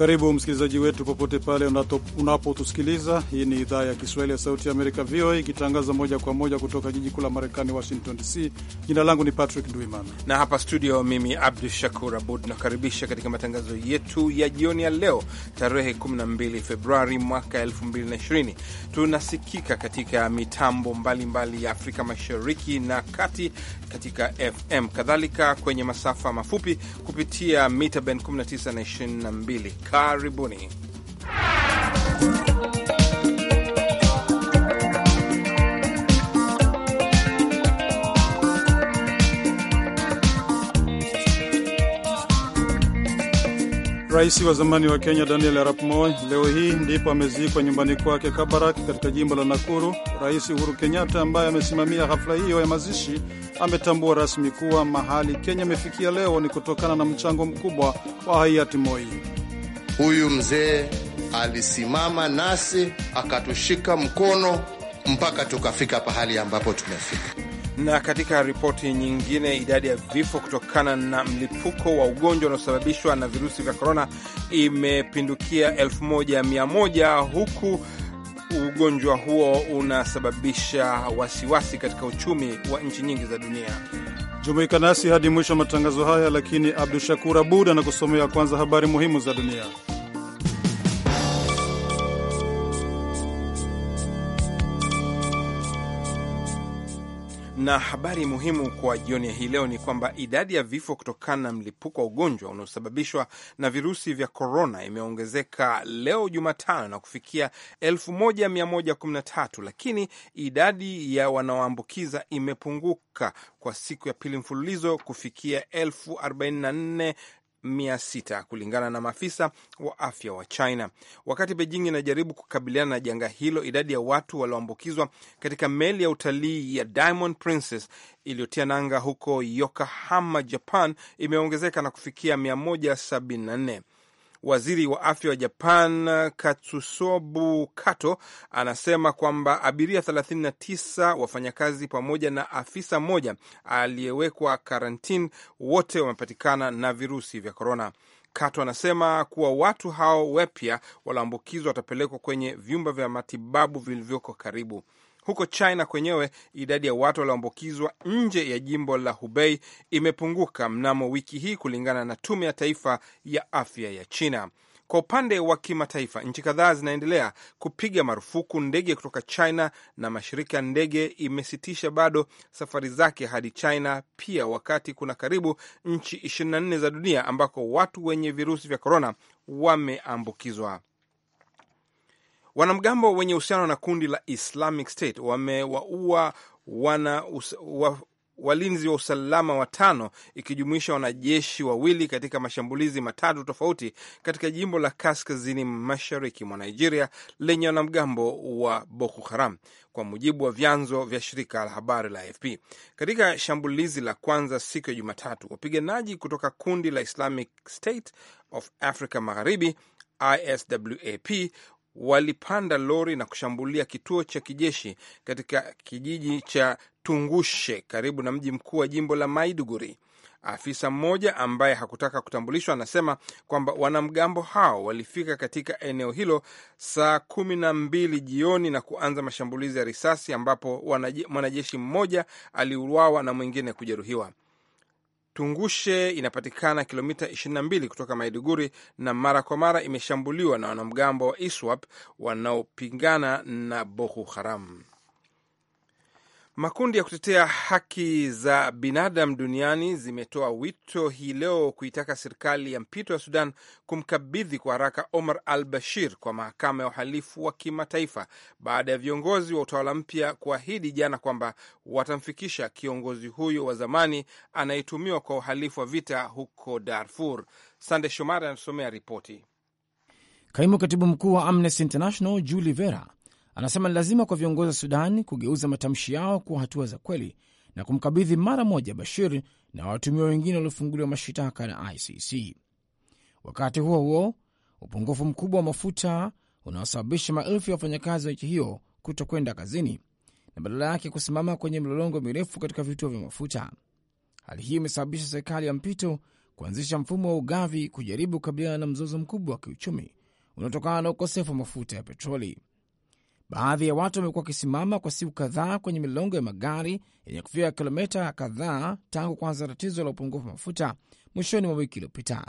Karibu msikilizaji wetu popote pale unapotusikiliza. Hii ni idhaa ya Kiswahili ya Sauti ya Amerika, VOA, ikitangaza moja kwa moja kutoka jiji kuu la Marekani, Washington DC. Jina langu ni Patrick Ndwimana na hapa studio mimi Abdu Shakur Abud nakaribisha katika matangazo yetu ya jioni ya leo tarehe 12 Februari mwaka 2020. Tunasikika katika mitambo mbalimbali mbali ya Afrika Mashariki na Kati katika FM, kadhalika kwenye masafa mafupi kupitia mita ben 19 na 22 Karibuni. Rais wa zamani wa Kenya Daniel Arap Moi leo hii ndipo amezikwa nyumbani kwake Kabarak katika jimbo la Nakuru. Rais Uhuru Kenyatta ambaye amesimamia hafla hiyo ya mazishi ametambua rasmi kuwa mahali Kenya imefikia leo ni kutokana na mchango mkubwa wa hayati Moi. Huyu mzee alisimama nasi akatushika mkono mpaka tukafika pahali ambapo tumefika. Na katika ripoti nyingine, idadi ya vifo kutokana na mlipuko wa ugonjwa unaosababishwa na virusi vya korona imepindukia 1100 huku ugonjwa huo unasababisha wasiwasi katika uchumi wa nchi nyingi za dunia. Jumuika nasi hadi mwisho wa matangazo haya, lakini Abdu Shakur Abud anakusomea kwanza habari muhimu za dunia. Na habari muhimu kwa jioni ya hii leo ni kwamba idadi ya vifo kutokana na mlipuko wa ugonjwa unaosababishwa na virusi vya korona imeongezeka leo Jumatano na kufikia 1113 lakini idadi ya wanaoambukiza imepunguka kwa siku ya pili mfululizo kufikia 1044 mia sita kulingana na maafisa wa afya wa China. Wakati Beijing inajaribu kukabiliana na janga hilo, idadi ya watu walioambukizwa katika meli ya utalii ya Diamond Princess iliyotia nanga huko Yokohama, Japan, imeongezeka na kufikia 174. Waziri wa afya wa Japan Katsusobu Kato anasema kwamba abiria 39 wafanyakazi, pamoja na afisa mmoja aliyewekwa karantini, wote wamepatikana na virusi vya korona. Kato anasema kuwa watu hao wapya walioambukizwa watapelekwa kwenye vyumba vya matibabu vilivyoko karibu. Huko China kwenyewe idadi ya watu walioambukizwa nje ya jimbo la Hubei imepunguka mnamo wiki hii kulingana na Tume ya Taifa ya Afya ya China. Kwa upande wa kimataifa, nchi kadhaa zinaendelea kupiga marufuku ndege kutoka China na mashirika ya ndege imesitisha bado safari zake hadi China pia, wakati kuna karibu nchi 24 za dunia ambako watu wenye virusi vya korona wameambukizwa. Wanamgambo wenye uhusiano na kundi la Islamic State wamewaua wana walinzi wa usalama watano ikijumuisha wanajeshi wawili katika mashambulizi matatu tofauti katika jimbo la kaskazini mashariki mwa Nigeria lenye wanamgambo wa Boko Haram, kwa mujibu wa vyanzo vya shirika la habari la AFP. Katika shambulizi la kwanza siku ya Jumatatu, wapiganaji kutoka kundi la Islamic State of Africa Magharibi ISWAP walipanda lori na kushambulia kituo cha kijeshi katika kijiji cha Tungushe karibu na mji mkuu wa jimbo la Maiduguri. Afisa mmoja ambaye hakutaka kutambulishwa anasema kwamba wanamgambo hao walifika katika eneo hilo saa kumi na mbili jioni na kuanza mashambulizi ya risasi ambapo mwanajeshi mmoja aliuawa na mwingine kujeruhiwa. Tungushe inapatikana kilomita 22 kutoka Maiduguri na mara kwa mara imeshambuliwa na wanamgambo wa ISWAP wanaopingana na Boko Haram. Makundi ya kutetea haki za binadamu duniani zimetoa wito hii leo kuitaka serikali ya mpito ya Sudan kumkabidhi kwa haraka Omar al Bashir kwa mahakama ya uhalifu wa kimataifa baada ya viongozi wa utawala mpya kuahidi jana kwamba watamfikisha kiongozi huyo wa zamani anayetumiwa kwa uhalifu wa vita huko Darfur. Sande Shomari anasomea ripoti. Kaimu katibu mkuu wa Amnesty International Julie Vera Anasema ni lazima kwa viongozi wa Sudan kugeuza matamshi yao kuwa hatua za kweli na kumkabidhi mara moja Bashir na watumiwa wengine waliofunguliwa mashitaka na ICC. Wakati huo huo, upungufu mkubwa wa mafuta unaosababisha maelfu ya wafanyakazi wa nchi hiyo kutokwenda kazini na badala yake kusimama kwenye mlolongo mirefu katika vituo vya mafuta. Hali hii imesababisha serikali ya mpito kuanzisha mfumo wa ugavi kujaribu kukabiliana na mzozo mkubwa wa kiuchumi unaotokana na ukosefu wa mafuta ya petroli. Baadhi ya watu wamekuwa wakisimama kwa siku kadhaa kwenye milongo ya magari yenye kufika kilomita kadhaa tangu kuanza tatizo la upungufu wa mafuta mwishoni mwa wiki iliyopita.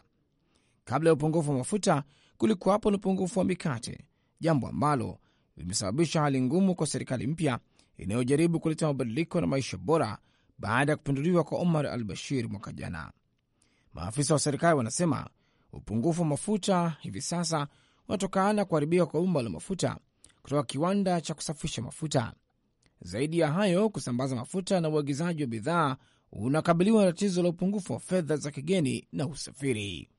Kabla ya upungufu wa mafuta, kulikuwapo na upungufu wa mikate, jambo ambalo limesababisha hali ngumu kwa serikali mpya inayojaribu kuleta mabadiliko na maisha bora baada ya kupinduliwa kwa Omar al Bashir mwaka jana. Maafisa wa serikali wanasema upungufu wa mafuta hivi sasa unatokana na kuharibika kwa bomba la mafuta kutoka kiwanda cha kusafisha mafuta. Zaidi ya hayo, kusambaza mafuta na uagizaji wa bidhaa unakabiliwa na tatizo la upungufu wa fedha za kigeni na usafiri.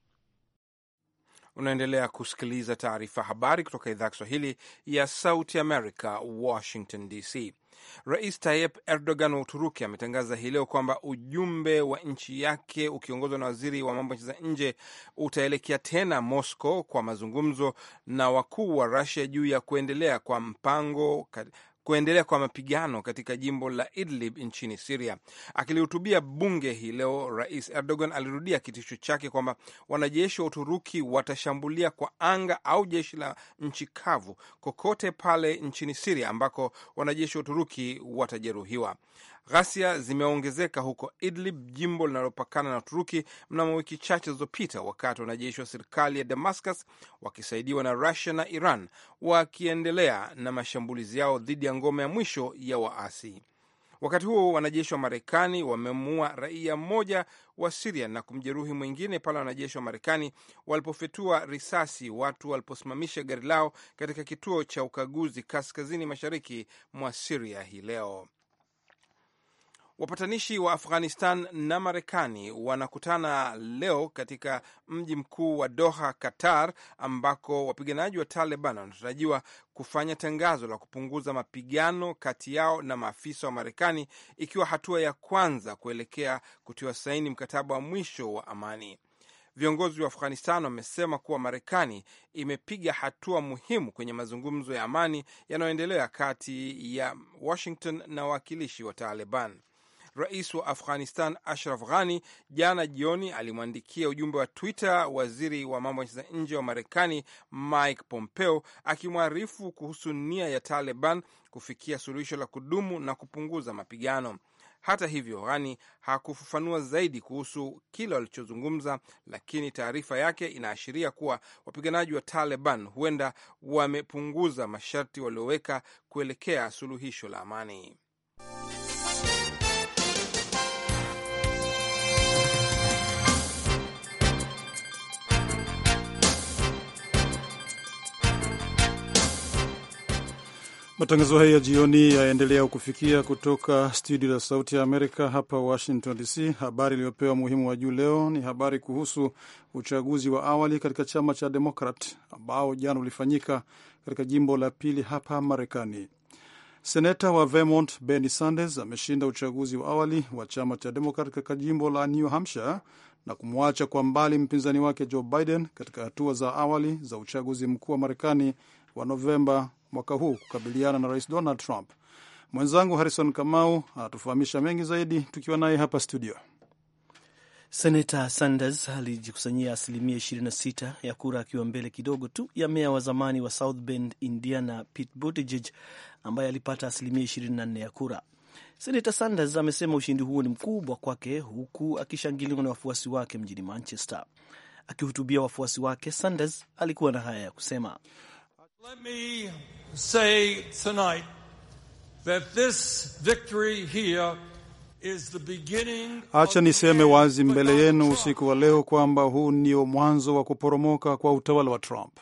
Unaendelea kusikiliza taarifa habari kutoka idhaa ya Kiswahili ya Sauti America, Washington DC. Rais Tayyip Erdogan wa Uturuki ametangaza hii leo kwamba ujumbe wa nchi yake ukiongozwa na waziri wa mambo nchi za nje utaelekea tena Moscow kwa mazungumzo na wakuu wa rasia juu ya kuendelea kwa mpango kuendelea kwa mapigano katika jimbo la Idlib nchini Siria. Akilihutubia bunge hii leo, Rais Erdogan alirudia kitisho chake kwamba wanajeshi wa Uturuki watashambulia kwa anga au jeshi la nchi kavu kokote pale nchini Siria ambako wanajeshi wa Uturuki watajeruhiwa. Ghasia zimeongezeka huko Idlib, jimbo linalopakana na Uturuki, mnamo wiki chache zilizopita, wakati wanajeshi wa serikali ya Damascus wakisaidiwa na Rusia na Iran wakiendelea na mashambulizi yao dhidi ya ngome ya mwisho ya waasi. Wakati huo wanajeshi wa Marekani wamemuua raia mmoja wa Siria na kumjeruhi mwingine pale wanajeshi wa Marekani walipofyatua risasi watu waliposimamisha gari lao katika kituo cha ukaguzi kaskazini mashariki mwa Siria hii leo. Wapatanishi wa Afghanistan na Marekani wanakutana leo katika mji mkuu wa Doha, Qatar, ambako wapiganaji wa Taliban wanatarajiwa kufanya tangazo la kupunguza mapigano kati yao na maafisa wa Marekani, ikiwa hatua ya kwanza kuelekea kutiwa saini mkataba wa mwisho wa amani. Viongozi wa Afghanistan wamesema kuwa Marekani imepiga hatua muhimu kwenye mazungumzo ya amani yanayoendelea kati ya Washington na wawakilishi wa Taliban rais wa Afghanistan Ashraf Ghani jana jioni alimwandikia ujumbe wa Twitter waziri wa mambo ya nchi za nje wa Marekani Mike Pompeo akimwarifu kuhusu nia ya Taliban kufikia suluhisho la kudumu na kupunguza mapigano. Hata hivyo, Ghani hakufafanua zaidi kuhusu kile walichozungumza, lakini taarifa yake inaashiria kuwa wapiganaji wa Taliban huenda wamepunguza masharti walioweka kuelekea suluhisho la amani. Matangazo haya ya jioni yaendelea kufikia kutoka studio la Sauti ya Amerika hapa Washington DC. Habari iliyopewa muhimu wa juu leo ni habari kuhusu uchaguzi wa awali katika chama cha Demokrat ambao jana ulifanyika katika jimbo la pili hapa Marekani. Seneta wa Vermont Bernie Sanders ameshinda uchaguzi wa awali wa chama cha Demokrat katika jimbo la New Hampshire na kumwacha kwa mbali mpinzani wake Joe Biden katika hatua za awali za uchaguzi mkuu wa Marekani wa Novemba mwaka huu kukabiliana na Rais Donald Trump. Mwenzangu Harrison Kamau anatufahamisha mengi zaidi tukiwa naye hapa studio. Senata Sanders alijikusanyia asilimia 26 ya kura akiwa mbele kidogo tu ya meya wa zamani wa South Bend, Indiana, Pete Buttigieg ambaye alipata asilimia 24 ya kura. Senata Sanders amesema ushindi huo ni mkubwa kwake, huku akishangiliwa na wafuasi wake mjini Manchester. Akihutubia wafuasi wake, Sanders alikuwa na haya ya kusema. Let me say tonight that this victory here is the beginning. Acha niseme wazi mbele yenu usiku wa leo kwamba huu ndio mwanzo wa kuporomoka kwa utawala wa Trump.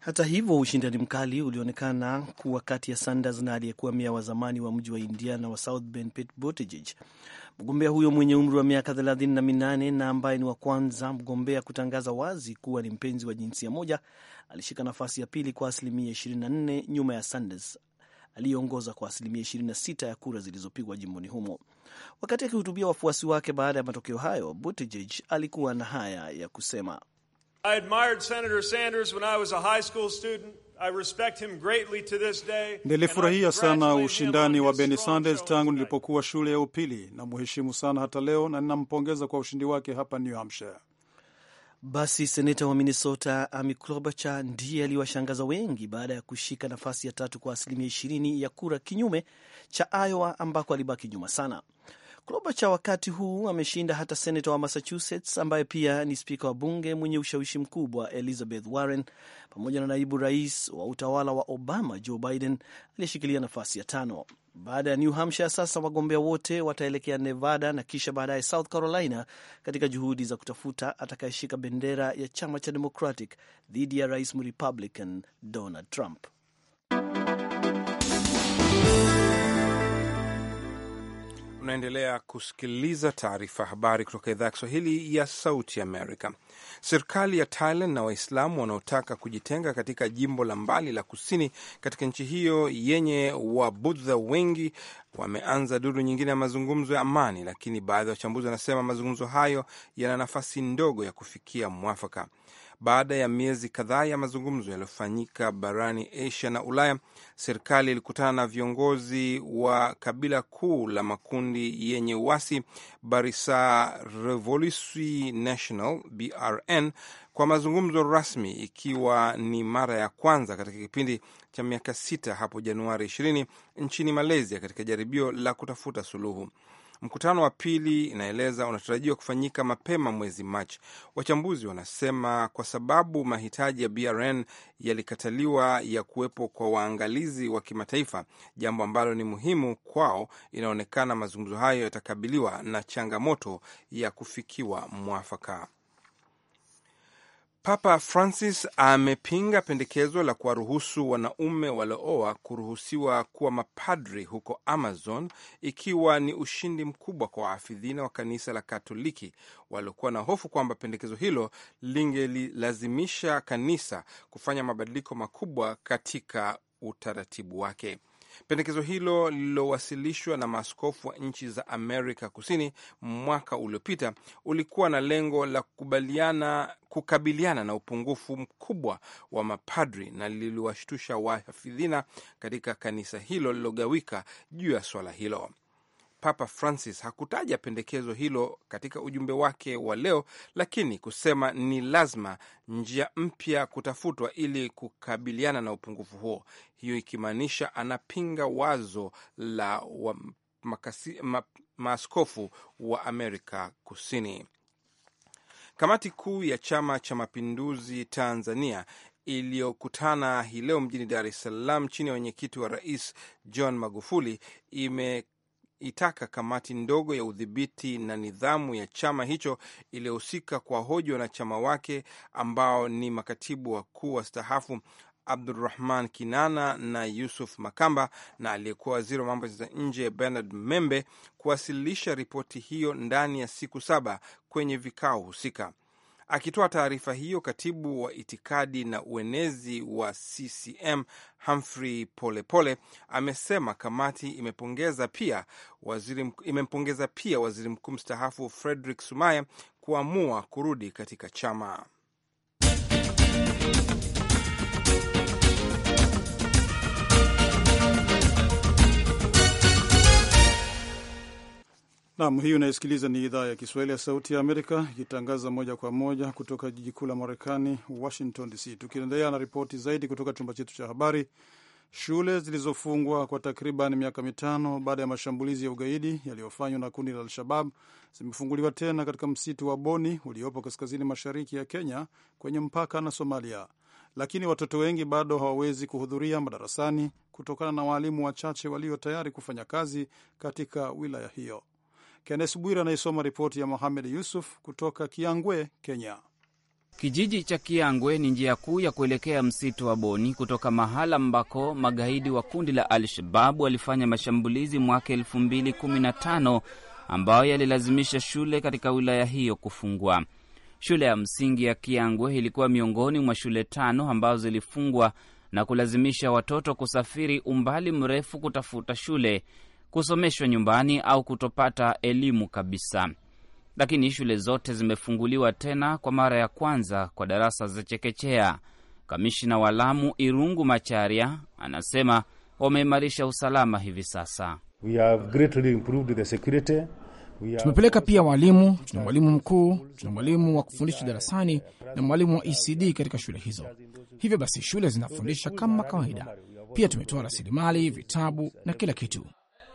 Hata hivyo ushindani mkali ulionekana kuwa kati ya Sanders na aliyekuwa meya wa zamani wa mji wa Indiana wa South Bend Pete Buttigieg Mgombea huyo mwenye umri wa miaka 38 na ambaye ni wa kwanza mgombea kutangaza wazi kuwa ni mpenzi wa jinsia moja alishika nafasi ya pili kwa asilimia 24 nyuma ya Sanders aliyeongoza kwa asilimia 26 ya kura zilizopigwa jimboni humo. Wakati akihutubia wafuasi wake baada ya matokeo hayo, Buttigieg alikuwa na haya ya kusema: I admired Senator Sanders when I was a high school student Nilifurahia sana ushindani wa Bernie Sanders tangu nilipokuwa shule ya upili. Namheshimu sana hata leo na ninampongeza kwa ushindi wake hapa New Hampshire. Basi seneta wa Minnesota Amy Klobuchar ndiye aliwashangaza wengi baada ya kushika nafasi ya tatu kwa asilimia ishirini ya kura, kinyume cha Iowa ambako alibaki nyuma sana. Klobuchar wakati huu ameshinda hata senata wa Massachusetts ambaye pia ni spika wa bunge mwenye ushawishi mkubwa Elizabeth Warren, pamoja na naibu rais wa utawala wa Obama Joe Biden aliyeshikilia nafasi ya tano. Baada ya New Hampshire, sasa wagombea wote wataelekea Nevada na kisha baadaye South Carolina katika juhudi za kutafuta atakayeshika bendera ya chama cha Democratic dhidi ya rais Mrepublican Donald Trump. Unaendelea kusikiliza taarifa habari kutoka idhaa ya Kiswahili ya Sauti Amerika. Serikali ya Thailand na Waislamu wanaotaka kujitenga katika jimbo la mbali la kusini katika nchi hiyo yenye Wabudha wengi wameanza duru nyingine ya mazungumzo ya amani, lakini baadhi ya wachambuzi wanasema mazungumzo hayo yana nafasi ndogo ya kufikia mwafaka baada ya miezi kadhaa ya mazungumzo yaliyofanyika barani Asia na Ulaya, serikali ilikutana na viongozi wa kabila kuu la makundi yenye uasi barisa Revolusi National BRN kwa mazungumzo rasmi, ikiwa ni mara ya kwanza katika kipindi cha miaka sita hapo Januari 20 nchini Malaysia, katika jaribio la kutafuta suluhu. Mkutano wa pili inaeleza unatarajiwa kufanyika mapema mwezi Machi. Wachambuzi wanasema kwa sababu mahitaji ya BRN yalikataliwa ya kuwepo kwa waangalizi wa kimataifa, jambo ambalo ni muhimu kwao, inaonekana mazungumzo hayo yatakabiliwa na changamoto ya kufikiwa mwafaka. Papa Francis amepinga pendekezo la kuwaruhusu wanaume waliooa kuruhusiwa kuwa mapadri huko Amazon, ikiwa ni ushindi mkubwa kwa waafidhina wa kanisa la Katoliki waliokuwa na hofu kwamba pendekezo hilo lingelilazimisha kanisa kufanya mabadiliko makubwa katika utaratibu wake. Pendekezo hilo lililowasilishwa na maaskofu wa nchi za Amerika Kusini mwaka uliopita ulikuwa na lengo la kukubaliana kukabiliana na upungufu mkubwa wa mapadri na liliwashtusha wahafidhina katika kanisa hilo lililogawika juu ya swala hilo. Papa Francis hakutaja pendekezo hilo katika ujumbe wake wa leo, lakini kusema ni lazima njia mpya kutafutwa ili kukabiliana na upungufu huo, hiyo ikimaanisha anapinga wazo la wa makasi, ma, maaskofu wa Amerika Kusini. Kamati kuu ya Chama cha Mapinduzi Tanzania iliyokutana hii leo mjini Dar es Salaam chini ya wenyekiti wa Rais John Magufuli ime itaka kamati ndogo ya udhibiti na nidhamu ya chama hicho iliyohusika kwa hoja wanachama wake ambao ni makatibu wakuu wa stahafu Abdurahman Kinana na Yusuf Makamba na aliyekuwa waziri wa mambo za nje Bernard Membe kuwasilisha ripoti hiyo ndani ya siku saba kwenye vikao husika. Akitoa taarifa hiyo, katibu wa itikadi na uenezi wa CCM Humphrey Polepole amesema kamati imepongeza pia waziri, imempongeza pia waziri mkuu mstaafu Frederick Sumaye kuamua kurudi katika chama Nam, hii unayesikiliza ni idhaa ya Kiswahili ya Sauti ya Amerika ikitangaza moja kwa moja kutoka jiji kuu la Marekani, Washington DC. Tukiendelea na ripoti zaidi kutoka chumba chetu cha habari, shule zilizofungwa kwa takriban miaka mitano baada ya mashambulizi ya ugaidi yaliyofanywa na kundi la Al-Shabab zimefunguliwa tena katika msitu wa Boni uliopo kaskazini mashariki ya Kenya kwenye mpaka na Somalia, lakini watoto wengi bado hawawezi kuhudhuria madarasani kutokana na waalimu wachache walio tayari kufanya kazi katika wilaya hiyo. Kennes Bwire anayesoma ripoti ya Mohamed Yusuf kutoka Kiangwe, Kenya. Kijiji cha Kiangwe ni njia kuu ya kuelekea msitu wa Boni kutoka mahala ambako magaidi wa kundi la Al-Shababu walifanya mashambulizi mwaka 2015 ambayo yalilazimisha shule katika wilaya hiyo kufungwa. Shule ya msingi ya Kiangwe ilikuwa miongoni mwa shule tano ambazo zilifungwa na kulazimisha watoto kusafiri umbali mrefu kutafuta shule kusomeshwa nyumbani au kutopata elimu kabisa. Lakini shule zote zimefunguliwa tena kwa mara ya kwanza kwa darasa za chekechea. Kamishina wa Lamu Irungu Macharia anasema wameimarisha usalama hivi sasa. We have greatly improved the security. Tumepeleka pia walimu, tuna mwalimu mkuu, tuna mwalimu wa kufundisha darasani na mwalimu wa ECD katika shule hizo. Hivyo basi shule zinafundisha kama kawaida. Pia tumetoa rasilimali, vitabu na kila kitu.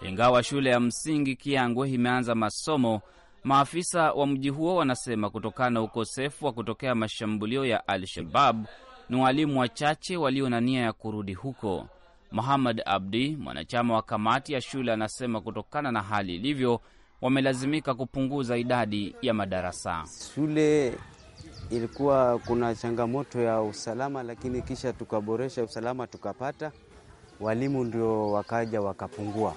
Ingawa shule ya msingi Kiangwe imeanza masomo, maafisa wa mji huo wanasema kutokana na ukosefu wa kutokea mashambulio ya Al-Shabab ni walimu wachache walio na nia ya kurudi huko. Muhammad Abdi, mwanachama wa kamati ya shule, anasema kutokana na hali ilivyo, wamelazimika kupunguza idadi ya madarasa. Shule ilikuwa kuna changamoto ya usalama, lakini kisha tukaboresha usalama, tukapata walimu ndio wakaja wakapungua.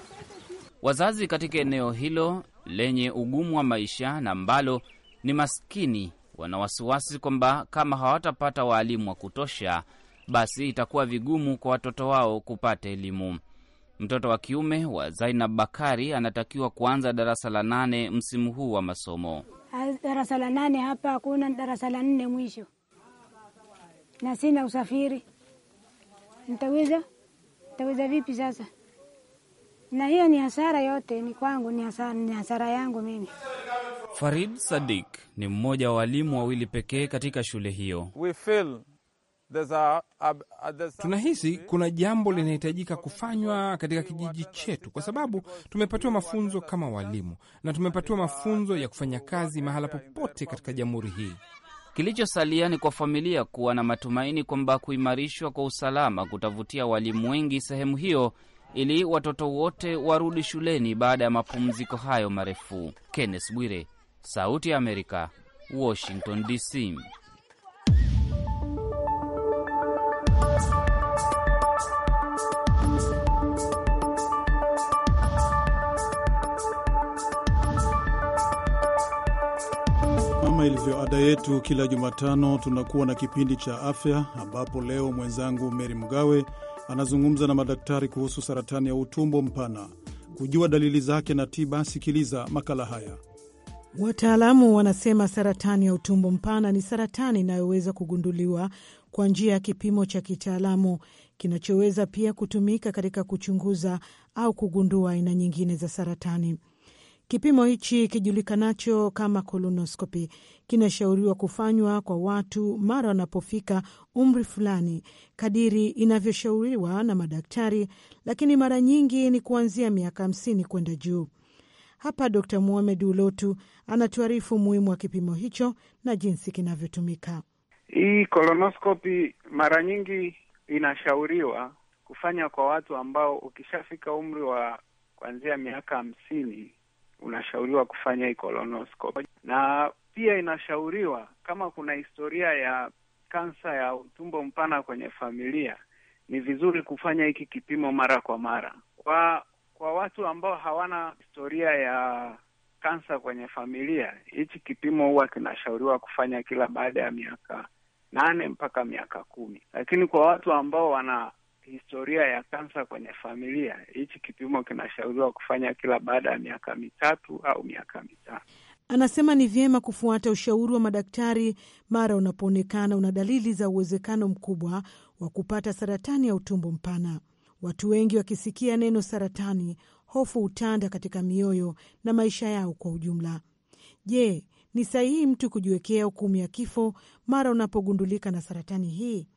Wazazi katika eneo hilo lenye ugumu wa maisha na ambalo ni maskini wana wasiwasi kwamba kama hawatapata waalimu wa kutosha, basi itakuwa vigumu kwa watoto wao kupata elimu. Mtoto wa kiume wa Zainab Bakari anatakiwa kuanza darasa la nane msimu huu wa masomo. Ah, darasa la nane hapa hakuna, darasa la nne mwisho, na sina usafiri. Nitaweza, nitaweza vipi sasa? na hiyo ni hasara yote, ni kwangu, ni hasara, ni hasara yangu mimi. Farid Sadik ni mmoja wa walimu wawili pekee katika shule hiyo. We feel a, a, a, tunahisi kuna jambo linahitajika kufanywa katika kijiji chetu, kwa sababu tumepatiwa mafunzo kama walimu na tumepatiwa mafunzo ya kufanya kazi mahala popote katika jamhuri hii. Kilichosalia ni kwa familia kuwa na matumaini kwamba kuimarishwa kwa usalama kutavutia walimu wengi sehemu hiyo ili watoto wote warudi shuleni baada ya mapumziko hayo marefu. Kenneth Bwire, Sauti ya Amerika, Washington DC. Kama ilivyo ada yetu, kila Jumatano tunakuwa na kipindi cha afya, ambapo leo mwenzangu Meri Mgawe anazungumza na madaktari kuhusu saratani ya utumbo mpana. Kujua dalili zake na tiba, sikiliza makala haya. Wataalamu wanasema saratani ya utumbo mpana ni saratani inayoweza kugunduliwa kwa njia ya kipimo cha kitaalamu kinachoweza pia kutumika katika kuchunguza au kugundua aina nyingine za saratani. Kipimo hichi kijulikanacho kama kolonoskopi kinashauriwa kufanywa kwa watu mara wanapofika umri fulani kadiri inavyoshauriwa na madaktari, lakini mara nyingi ni kuanzia miaka hamsini kwenda juu. Hapa d muhamed Ulotu anatuarifu umuhimu wa kipimo hicho na jinsi kinavyotumika. Hii kolonoskopi mara nyingi inashauriwa kufanya kwa watu ambao ukishafika umri wa kuanzia miaka hamsini unashauriwa kufanya colonoscopy, na pia inashauriwa kama kuna historia ya kansa ya utumbo mpana kwenye familia, ni vizuri kufanya hiki kipimo mara kwa mara. Kwa kwa watu ambao hawana historia ya kansa kwenye familia, hichi kipimo huwa kinashauriwa kufanya kila baada ya miaka nane mpaka miaka kumi, lakini kwa watu ambao wana historia ya kansa kwenye familia. Hichi kipimo kinashauriwa kufanya kila baada ya miaka mitatu au miaka mitano. Anasema ni vyema kufuata ushauri wa madaktari mara unapoonekana una dalili za uwezekano mkubwa wa kupata saratani ya utumbo mpana. Watu wengi wakisikia neno saratani, hofu hutanda katika mioyo na maisha yao kwa ujumla. Je, ni sahihi mtu kujiwekea hukumu ya kifo mara unapogundulika na saratani hii?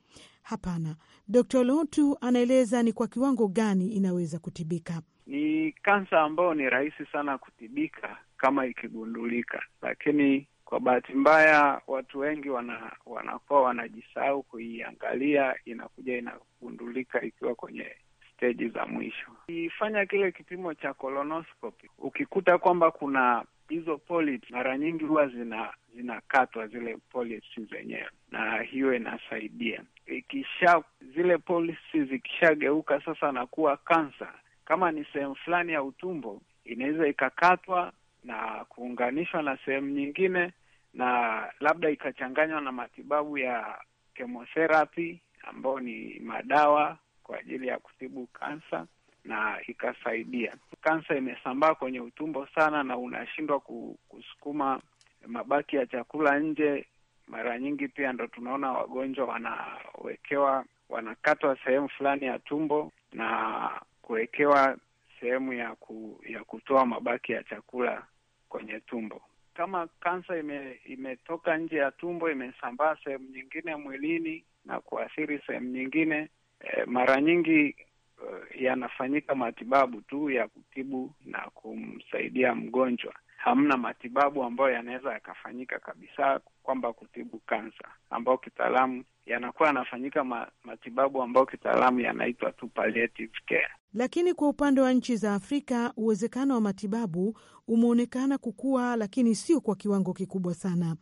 Hapana. dr Lotu anaeleza ni kwa kiwango gani inaweza kutibika. Ni kansa ambayo ni rahisi sana kutibika kama ikigundulika, lakini kwa bahati mbaya watu wengi wana, wanakuwa wanajisahau kuiangalia, inakuja inagundulika ikiwa kwenye steji za mwisho. Ifanya kile kipimo cha colonoscopy, ukikuta kwamba kuna hizo polisi mara nyingi huwa zina zinakatwa zile polisi zenyewe, na hiyo inasaidia. Ikisha zile polisi zikishageuka sasa na kuwa kansa, kama ni sehemu fulani ya utumbo, inaweza ikakatwa na kuunganishwa na sehemu nyingine, na labda ikachanganywa na matibabu ya chemotherapy ambayo ni madawa kwa ajili ya kutibu kansa na ikasaidia. Kansa imesambaa kwenye utumbo sana, na unashindwa kusukuma mabaki ya chakula nje. Mara nyingi pia ndo tunaona wagonjwa wanawekewa, wanakatwa sehemu fulani ya tumbo na kuwekewa sehemu ya ku, ya kutoa mabaki ya chakula kwenye tumbo. Kama kansa ime, imetoka nje ya tumbo, imesambaa sehemu nyingine mwilini na kuathiri sehemu nyingine, e, mara nyingi Eh, yanafanyika matibabu tu ya kutibu na kumsaidia mgonjwa. Hamna matibabu ambayo yanaweza yakafanyika kabisa kwamba kutibu kansa, ambayo kitaalamu yanakuwa yanafanyika ma, matibabu ambayo kitaalamu yanaitwa tu palliative care. Lakini kwa upande wa nchi za Afrika uwezekano wa matibabu umeonekana kukua, lakini sio kwa kiwango kikubwa sana.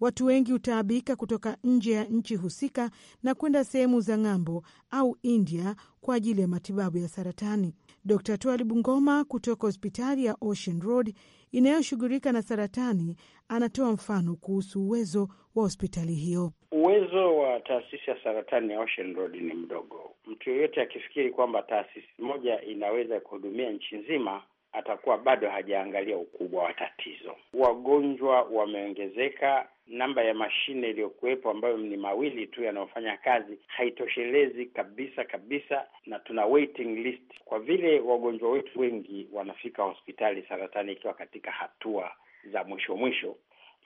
Watu wengi hutaabika kutoka nje ya nchi husika na kwenda sehemu za ng'ambo au India kwa ajili ya matibabu ya saratani. Dr Twalib Ngoma kutoka hospitali ya Ocean Road inayoshughulika na saratani anatoa mfano kuhusu uwezo wa hospitali hiyo. Uwezo wa taasisi ya saratani ya Ocean Road ni mdogo. Mtu yoyote akifikiri kwamba taasisi moja inaweza kuhudumia nchi nzima atakuwa bado hajaangalia ukubwa wa tatizo. Wagonjwa wameongezeka, namba ya mashine iliyokuwepo ambayo ni mawili tu yanayofanya kazi haitoshelezi kabisa kabisa, na tuna waiting list kwa vile wagonjwa wetu wengi wanafika hospitali saratani ikiwa katika hatua za mwisho mwisho.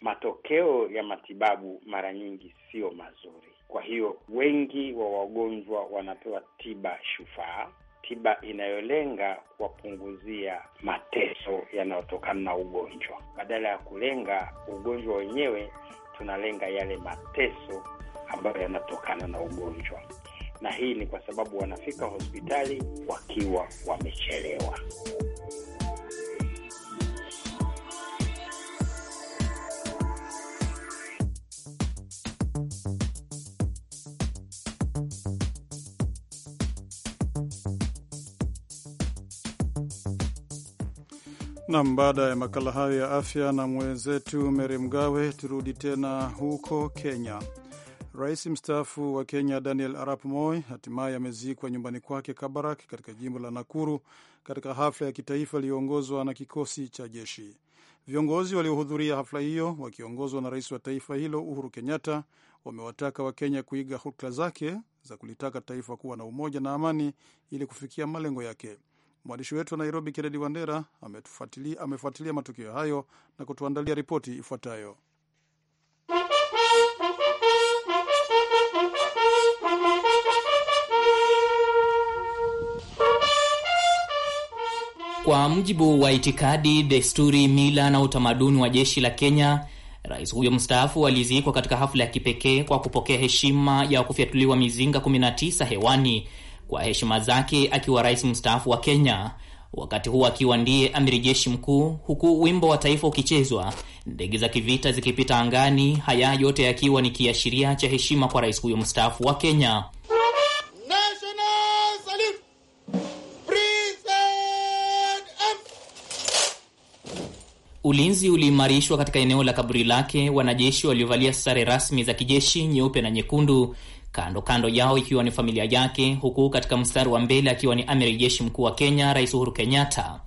Matokeo ya matibabu mara nyingi sio mazuri. Kwa hiyo wengi wa wagonjwa wanapewa tiba shufaa tiba inayolenga kuwapunguzia mateso yanayotokana na ugonjwa. Badala ya kulenga ugonjwa wenyewe, tunalenga yale mateso ambayo yanatokana na ugonjwa, na hii ni kwa sababu wanafika hospitali wakiwa wamechelewa. Nam, baada ya makala hayo ya afya na mwenzetu Meri Mgawe, turudi tena huko Kenya. Rais mstaafu wa Kenya Daniel Arap Moi hatimaye amezikwa nyumbani kwake Kabarak katika jimbo la Nakuru katika hafla ya kitaifa iliyoongozwa na kikosi cha jeshi. Viongozi waliohudhuria hafla hiyo wakiongozwa na rais wa taifa hilo Uhuru Kenyatta wamewataka Wakenya kuiga hukla zake za kulitaka taifa kuwa na umoja na amani ili kufikia malengo yake. Mwandishi wetu wa Nairobi, Kennedy Wandera, amefuatilia matukio hayo na kutuandalia ripoti ifuatayo. Kwa mujibu wa itikadi, desturi, mila na utamaduni wa jeshi la Kenya, rais huyo mstaafu alizikwa katika hafla ya kipekee kwa kupokea heshima ya kufyatuliwa mizinga 19 hewani kwa heshima zake akiwa rais mstaafu wa Kenya, wakati huu akiwa ndiye amiri jeshi mkuu, huku wimbo wa taifa ukichezwa, ndege za kivita zikipita angani, haya yote yakiwa ni kiashiria cha heshima kwa rais huyo mstaafu wa Kenya. Ulinzi uliimarishwa katika eneo la kaburi lake, wanajeshi waliovalia sare rasmi za kijeshi nyeupe na nyekundu kando kando yao ikiwa ni familia yake, huku katika mstari wa mbele akiwa ni amiri jeshi mkuu wa Kenya, Rais Uhuru Kenyatta.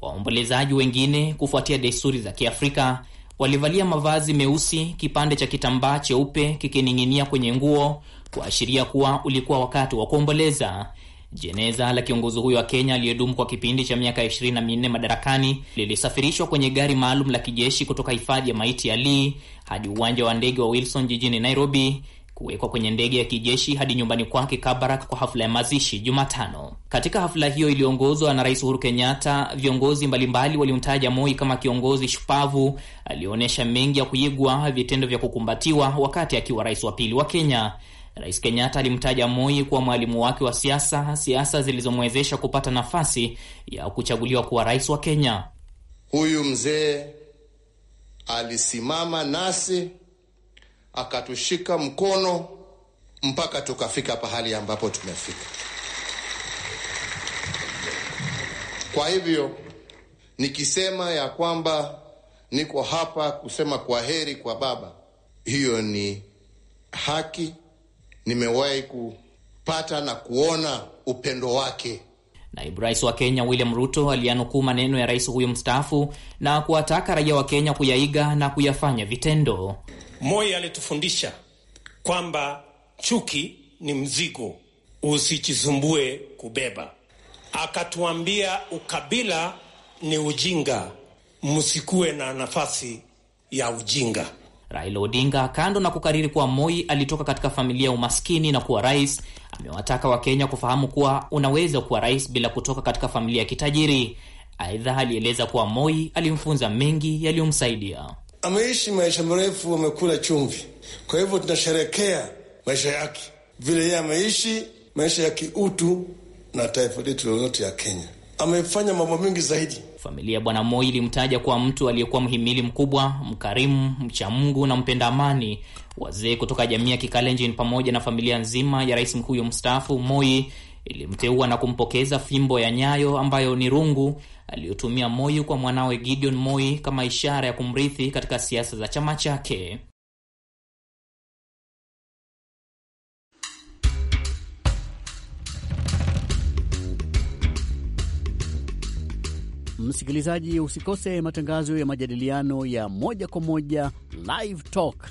Waombolezaji wengine, kufuatia desturi za Kiafrika, walivalia mavazi meusi, kipande cha kitambaa cheupe kikining'inia kwenye nguo kuashiria kuwa ulikuwa wakati wa kuomboleza. Jeneza la kiongozi huyo wa Kenya aliyedumu kwa kipindi cha miaka 24 madarakani lilisafirishwa kwenye gari maalum la kijeshi kutoka hifadhi ya maiti ya Lee hadi uwanja wa ndege wa Wilson jijini Nairobi kuwekwa kwenye ndege ya kijeshi hadi nyumbani kwake Kabarak kwa hafla ya mazishi Jumatano. Katika hafla hiyo iliyoongozwa na Rais Uhuru Kenyatta, viongozi mbalimbali walimtaja Moi kama kiongozi shupavu aliyoonyesha mengi ya kuigwa, vitendo vya kukumbatiwa wakati akiwa rais wa pili wa Kenya. Rais Kenyatta alimtaja Moi kuwa mwalimu wake wa siasa, siasa zilizomwezesha kupata nafasi ya kuchaguliwa kuwa rais wa Kenya. Huyu mzee alisimama nasi akatushika mkono mpaka tukafika pahali ambapo tumefika. Kwa hivyo nikisema ya kwamba niko hapa kusema kwa heri kwa baba, hiyo ni haki. Nimewahi kupata na kuona upendo wake. Naibu rais wa Kenya William Ruto aliyanukuu maneno ya rais huyo mstaafu na kuwataka raia wa Kenya kuyaiga na kuyafanya vitendo. Moi alitufundisha kwamba chuki ni mzigo, usichizumbue kubeba. Akatuambia ukabila ni ujinga, msikuwe na nafasi ya ujinga. Raila Odinga, kando na kukariri kuwa Moi alitoka katika familia ya umaskini na kuwa rais, amewataka Wakenya kufahamu kuwa unaweza kuwa rais bila kutoka katika familia ya kitajiri. Aidha, alieleza kuwa Moi alimfunza mengi yaliyomsaidia ameishi maisha mrefu, amekula chumvi. Kwa hivyo tunasherekea maisha yake vile yeye ameishi maisha ya kiutu na taifa letu lolote ya Kenya. Amefanya mambo mengi zaidi. Familia ya Bwana Moi ilimtaja kwa mtu aliyekuwa mhimili mkubwa, mkarimu, mcha Mungu na mpenda amani. Wazee kutoka jamii ya Kikalenjin pamoja na familia nzima ya rais mkuu mstaafu Moi ilimteua na kumpokeza fimbo ya nyayo ambayo ni rungu aliyotumia Moi kwa mwanawe Gideon Moi kama ishara ya kumrithi katika siasa za chama chake. Msikilizaji, usikose matangazo ya majadiliano ya moja kwa moja Live Talk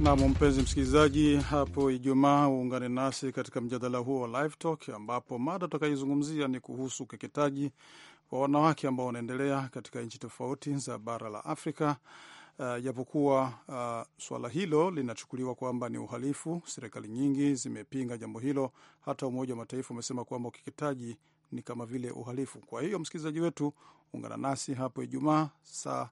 Nam, mpenzi msikilizaji, hapo Ijumaa uungane nasi katika mjadala huo wa Live Talk ambapo mada tutakayozungumzia ni kuhusu ukeketaji wa wanawake ambao wanaendelea katika nchi tofauti za bara la Afrika. Uh, japokuwa uh, uh, suala hilo linachukuliwa kwamba ni uhalifu, serikali nyingi zimepinga jambo hilo. Hata Umoja wa Mataifa umesema kwamba ukeketaji ni kama vile uhalifu. Kwa hiyo msikilizaji wetu, ungana nasi hapo Ijumaa saa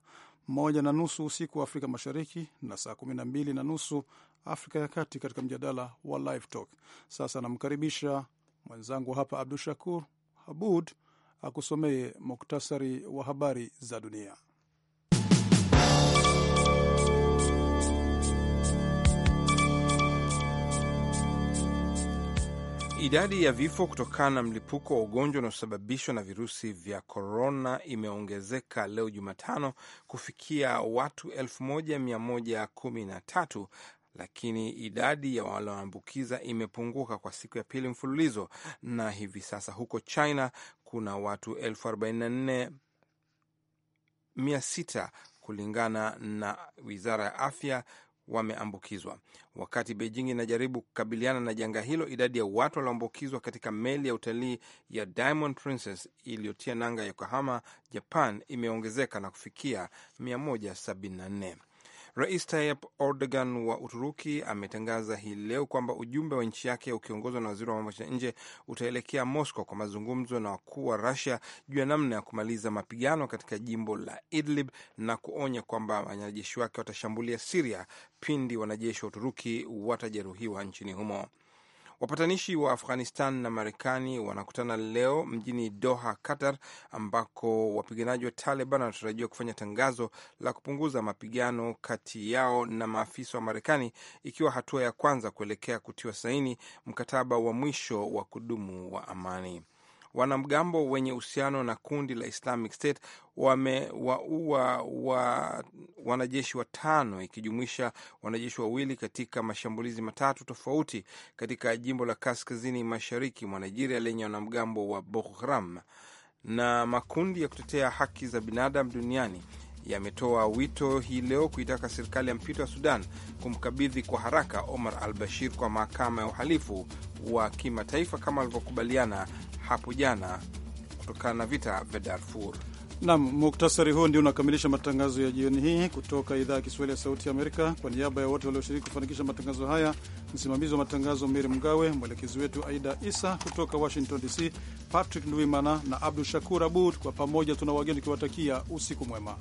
moja na nusu usiku wa Afrika Mashariki na saa kumi na mbili na nusu Afrika ya Kati, katika mjadala wa Live Talk. Sasa namkaribisha mwenzangu hapa Abdu Shakur Abud akusomee muktasari wa habari za dunia. Idadi ya vifo kutokana na mlipuko wa ugonjwa unaosababishwa na virusi vya korona imeongezeka leo Jumatano kufikia watu 1113 lakini idadi ya walioambukiza imepunguka kwa siku ya pili mfululizo, na hivi sasa huko China kuna watu 44600 kulingana na wizara ya afya wameambukizwa. Wakati Beijing inajaribu kukabiliana na janga hilo, idadi ya watu walioambukizwa katika meli ya utalii ya Diamond Princess iliyotia nanga Yokohama, Japan, imeongezeka na kufikia 174. Rais Tayyip Erdogan wa Uturuki ametangaza hii leo kwamba ujumbe wa nchi yake ukiongozwa na waziri wa mambo ya nje utaelekea Moscow kwa mazungumzo na wakuu wa Russia juu ya namna ya kumaliza mapigano katika jimbo la Idlib na kuonya kwamba wanajeshi wake watashambulia Siria pindi wanajeshi wa Uturuki watajeruhiwa nchini humo. Wapatanishi wa Afghanistan na Marekani wanakutana leo mjini Doha, Qatar, ambako wapiganaji wa Taliban wanatarajiwa kufanya tangazo la kupunguza mapigano kati yao na maafisa wa Marekani, ikiwa hatua ya kwanza kuelekea kutiwa saini mkataba wa mwisho wa kudumu wa amani wanamgambo wenye uhusiano na kundi la Islamic State wamewaua wa, wanajeshi watano ikijumuisha wanajeshi wawili katika mashambulizi matatu tofauti katika jimbo la kaskazini mashariki mwa Nigeria lenye wanamgambo wa Boko Haram. Na makundi ya kutetea haki za binadamu duniani yametoa wito hii leo kuitaka serikali ya mpito ya Sudan kumkabidhi kwa haraka Omar al Bashir kwa mahakama ya uhalifu wa kimataifa kama alivyokubaliana hapo jana kutokana na vita vya Darfur. Nam, muktasari huo ndio unakamilisha matangazo ya jioni hii kutoka idhaa ya Kiswahili ya Sauti ya Amerika. Kwa niaba ya wote walioshiriki kufanikisha matangazo haya, msimamizi wa matangazo Meri Mgawe, mwelekezi wetu Aida Isa kutoka Washington DC, Patrick Ndwimana na Abdu Shakur Abud, kwa pamoja tuna wageni tukiwatakia usiku mwema.